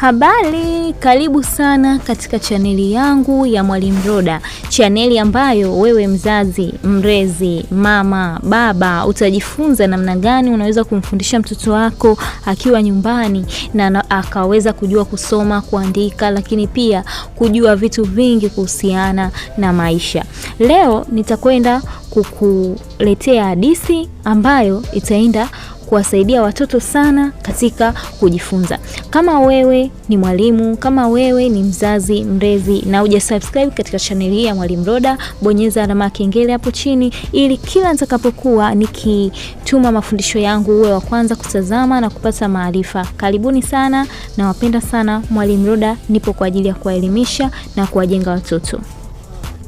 Habari, karibu sana katika chaneli yangu ya Mwalimu Roda, chaneli ambayo wewe mzazi, mrezi mama, baba utajifunza namna gani unaweza kumfundisha mtoto wako akiwa nyumbani na akaweza kujua kusoma, kuandika, lakini pia kujua vitu vingi kuhusiana na maisha. Leo nitakwenda kukuletea hadithi ambayo itaenda kuwasaidia watoto sana katika kujifunza. Kama wewe ni mwalimu, kama wewe ni mzazi mlezi na hujasubscribe katika chaneli hii ya Mwalimu Roda, bonyeza alama ya kengele hapo chini ili kila nitakapokuwa nikituma mafundisho yangu uwe wa kwanza kutazama na kupata maarifa. Karibuni sana, nawapenda sana. Mwalimu Roda nipo kwa ajili ya kuwaelimisha na kuwajenga watoto.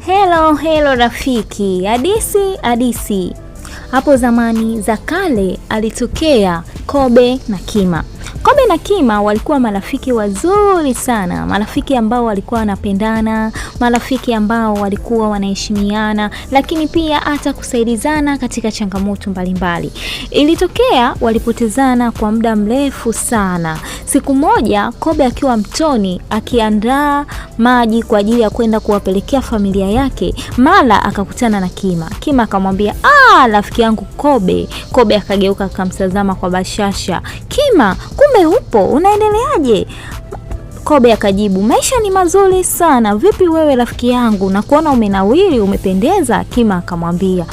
Hello, hello rafiki. Hadisi hadisi. Hapo zamani za kale alitokea Kobe na Kima. Kobe na Kima walikuwa marafiki wazuri sana, marafiki ambao walikuwa wanapendana, marafiki ambao walikuwa wanaheshimiana, lakini pia hata kusaidizana katika changamoto mbalimbali. Ilitokea walipotezana kwa muda mrefu sana. Siku moja, Kobe akiwa mtoni akiandaa maji kwa ajili ya kwenda kuwapelekea familia yake, mara akakutana na Kima. Kima akamwambia ah, rafiki yangu Kobe. Kobe akageuka akamtazama kwa bashasha. Kima, kumbe upo unaendeleaje? Kobe akajibu, maisha ni mazuri sana. Vipi wewe rafiki yangu, na kuona umenawiri, umependeza. Kima akamwambia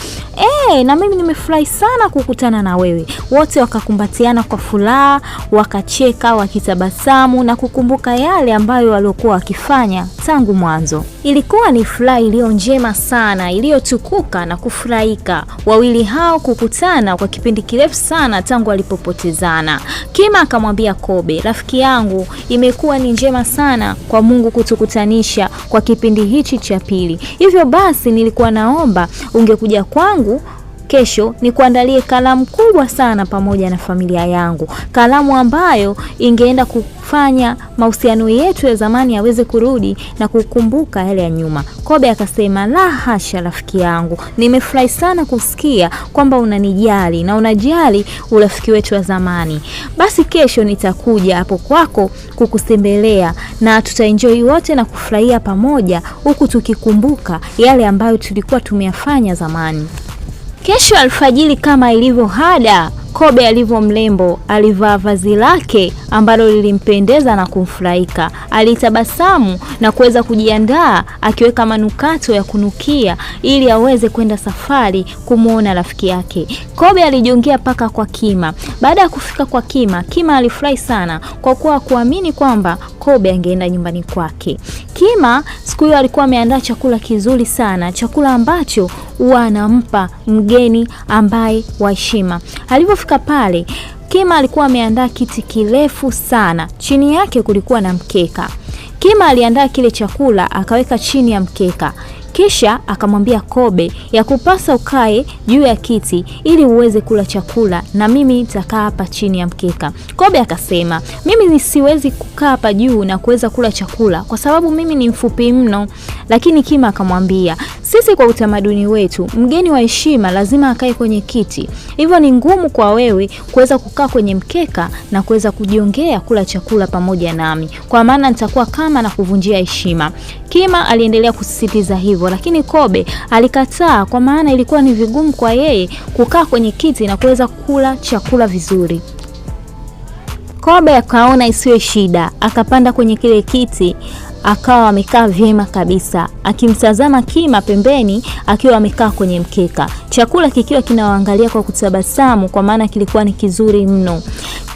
E, na mimi nimefurahi sana kukutana na wewe. Wote wakakumbatiana kwa furaha, wakacheka, wakitabasamu na kukumbuka yale ambayo waliokuwa wakifanya tangu mwanzo. Ilikuwa ni furaha iliyo njema sana iliyotukuka na kufurahika wawili hao kukutana kwa kipindi kirefu sana tangu walipopotezana. Kima akamwambia Kobe, rafiki yangu, imekuwa ni njema sana kwa Mungu kutukutanisha kwa kipindi hichi cha pili, hivyo basi nilikuwa naomba ungekuja kwangu kesho nikuandalie kalamu kubwa sana pamoja na familia yangu, kalamu ambayo ingeenda kufanya mahusiano yetu ya zamani yaweze kurudi na kukumbuka yale ya nyuma. Kobe akasema, la hasha, rafiki yangu, nimefurahi sana kusikia kwamba unanijali na unajali urafiki wetu wa zamani. Basi kesho nitakuja hapo kwako kukutembelea na tutaenjoy wote na kufurahia pamoja, huku tukikumbuka yale ambayo tulikuwa tumeyafanya zamani. Kesho alfajili kama ilivyo hada, Kobe alivyo mrembo, alivaa vazi lake ambalo lilimpendeza na kumfurahika. Alitabasamu na kuweza kujiandaa akiweka manukato ya kunukia ili aweze kwenda safari kumwona rafiki yake. Kobe alijiongea paka kwa Kima. Baada ya kufika kwa Kima, Kima alifurahi sana kwa kuwa kuamini kwamba Kobe angeenda nyumbani kwake. Kima siku hiyo alikuwa ameandaa chakula kizuri sana, chakula ambacho huwa anampa mgeni ambaye wa heshima. Alivyo Tulipofika pale, Kima alikuwa ameandaa kiti kirefu sana, chini yake kulikuwa na mkeka. Kima aliandaa kile chakula akaweka chini ya mkeka. Kisha akamwambia Kobe, ya kupasa ukae juu ya kiti ili uweze kula chakula na mimi nitakaa hapa chini ya mkeka. Kobe akasema, mimi nisiwezi kukaa hapa juu na kuweza kula chakula kwa sababu mimi ni mfupi mno. Lakini Kima akamwambia, sisi kwa utamaduni wetu, mgeni wa heshima lazima akae kwenye kiti, hivyo ni ngumu kwa wewe kuweza kukaa kwenye mkeka na kuweza kujiongea kula chakula pamoja nami, kwa maana nitakuwa kama na kuvunjia heshima. Kima aliendelea kusisitiza hivyo lakini Kobe alikataa kwa maana ilikuwa ni vigumu kwa yeye kukaa kwenye kiti na kuweza kula chakula vizuri. Kobe akaona isiwe shida, akapanda kwenye kile kiti akawa amekaa vyema kabisa, akimtazama Kima pembeni akiwa amekaa kwenye mkeka, chakula kikiwa kinawaangalia kwa kutabasamu, kwa maana kilikuwa ni kizuri mno.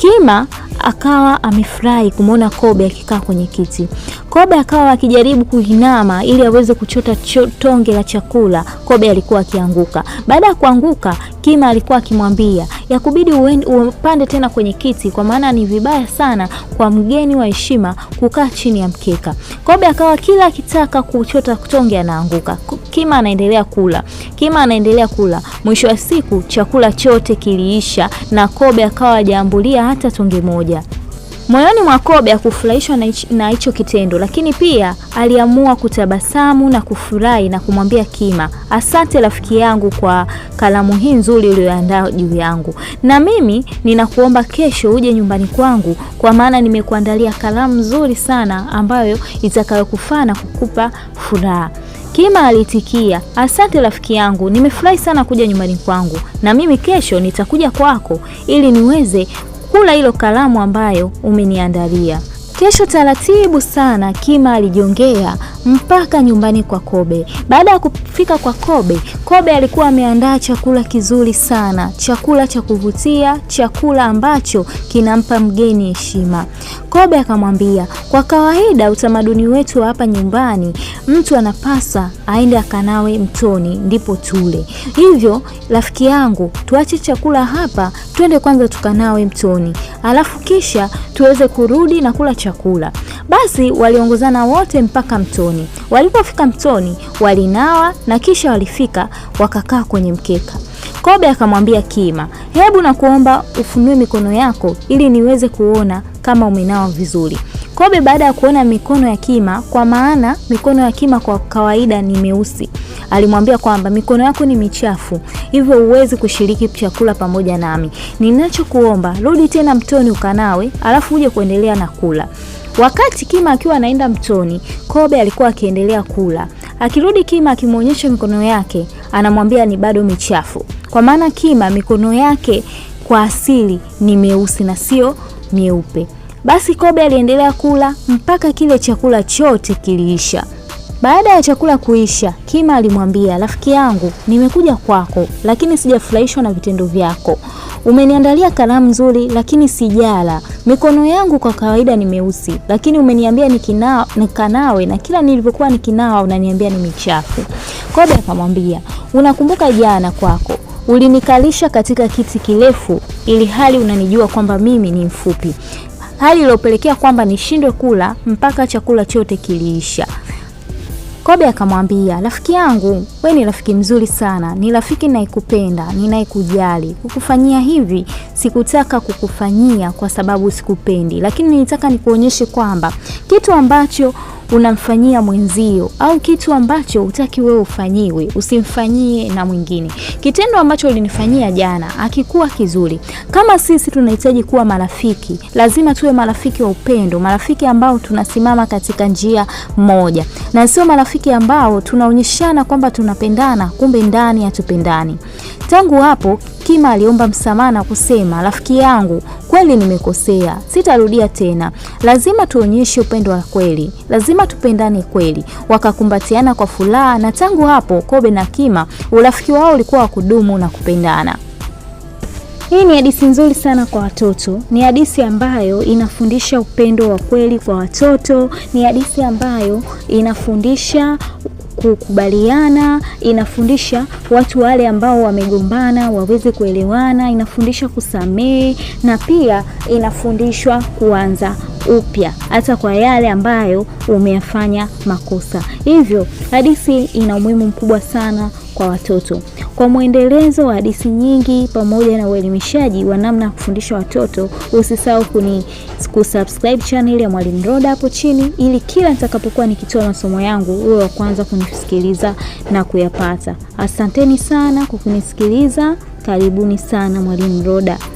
Kima akawa amefurahi kumwona Kobe akikaa kwenye kiti. Kobe akawa akijaribu kuinama ili aweze kuchota tonge la chakula. Kobe alikuwa akianguka. Baada ya kuanguka, Kima alikuwa akimwambia ya kubidi upande tena kwenye kiti, kwa maana ni vibaya sana kwa mgeni wa heshima kukaa chini ya mkeka. Kobe akawa kila akitaka kuchota tonge anaanguka. Kima anaendelea kula, Kima anaendelea kula. Mwisho wa siku chakula chote kiliisha na Kobe akawa hajaambulia hata tonge moja. Moyoni mwa Kobe hakufurahishwa na hicho kitendo, lakini pia aliamua kutabasamu na kufurahi na kumwambia Kima, asante rafiki yangu kwa kalamu hii nzuri uliyoandaa juu yangu, na mimi ninakuomba kesho uje nyumbani kwangu, kwa maana nimekuandalia kalamu nzuri sana ambayo itakayokufaa na kukupa furaha. Kima alitikia, asante rafiki yangu, nimefurahi sana kuja nyumbani kwangu, na mimi kesho nitakuja kwako ili niweze kula hilo kalamu ambayo umeniandalia. Kesho taratibu sana, Kima alijongea mpaka nyumbani kwa Kobe. Baada ya kufika kwa Kobe, Kobe alikuwa ameandaa chakula kizuri sana, chakula cha kuvutia, chakula ambacho kinampa mgeni heshima. Kobe akamwambia, kwa kawaida utamaduni wetu hapa nyumbani mtu anapasa aende akanawe mtoni ndipo tule. Hivyo rafiki yangu, tuache chakula hapa, twende kwanza tukanawe mtoni, alafu kisha tuweze kurudi na kula chakula. Basi waliongozana wote mpaka mtoni. Walipofika mtoni, walinawa na kisha walifika wakakaa kwenye mkeka. Kobe akamwambia Kima, hebu nakuomba ufunue mikono yako ili niweze kuona kama umenawa vizuri. Kobe baada ya kuona mikono ya Kima, kwa maana mikono ya Kima kwa kawaida ni meusi, alimwambia kwamba mikono yako ni michafu, hivyo huwezi kushiriki chakula pamoja nami. Ninachokuomba, rudi tena mtoni ukanawe, alafu uje kuendelea na kula. Wakati Kima akiwa anaenda mtoni, Kobe alikuwa akiendelea kula. Akirudi, Kima akimwonyesha mikono yake, anamwambia ni bado michafu, kwa maana Kima mikono yake kwa asili ni meusi na sio meupe. Basi Kobe aliendelea kula mpaka kile chakula chote kiliisha. Baada ya chakula kuisha, Kima alimwambia rafiki yangu, nimekuja kwako, lakini sijafurahishwa na vitendo vyako. Umeniandalia karamu nzuri, lakini sijala. Mikono yangu kwa kawaida ni meusi, lakini umeniambia nikinawe, nikanawe, na kila nilivyokuwa nikinawa unaniambia ni michafu. Kobe akamwambia, unakumbuka jana kwako ulinikalisha katika kiti kirefu, ili hali unanijua kwamba mimi ni mfupi, hali iliyopelekea kwamba nishindwe kula mpaka chakula chote kiliisha. Kobe akamwambia, rafiki yangu, we ni rafiki mzuri sana, ni rafiki ninayekupenda, ninayekujali. Kukufanyia hivi sikutaka kukufanyia kwa sababu sikupendi, lakini nilitaka nikuonyeshe kwamba kitu ambacho unamfanyia mwenzio au kitu ambacho utaki wewe ufanyiwe, usimfanyie na mwingine. Kitendo ambacho ulinifanyia jana akikuwa kizuri, kama sisi tunahitaji kuwa marafiki, lazima tuwe marafiki wa upendo, marafiki ambao tunasimama katika njia moja, na sio marafiki ambao tunaonyeshana kwamba tunapendana, kumbe ndani hatupendani. Tangu hapo Kima aliomba msamaha na kusema, rafiki yangu, kweli nimekosea, sitarudia tena. Lazima tuonyeshe upendo wa kweli, lazima lazima tupendane kweli. Wakakumbatiana kwa furaha, na tangu hapo Kobe na Kima urafiki wao ulikuwa wa kudumu na kupendana. Hii ni hadithi nzuri sana kwa watoto. Ni hadithi ambayo inafundisha upendo wa kweli kwa watoto. Ni hadithi ambayo inafundisha kukubaliana, inafundisha watu wale ambao wamegombana waweze kuelewana, inafundisha kusamehe na pia inafundishwa kuanza upya, hata kwa yale ambayo umeyafanya makosa. Hivyo hadithi ina umuhimu mkubwa sana kwa watoto. Kwa mwendelezo wa hadithi nyingi pamoja na uelimishaji wa namna ya kufundisha watoto, usisahau kuni kusubscribe channel ya Mwalimu Roda hapo chini, ili kila nitakapokuwa nikitoa masomo yangu uwe wa kwanza kunisikiliza na kuyapata. Asanteni sana kwa kunisikiliza. Karibuni sana Mwalimu Roda.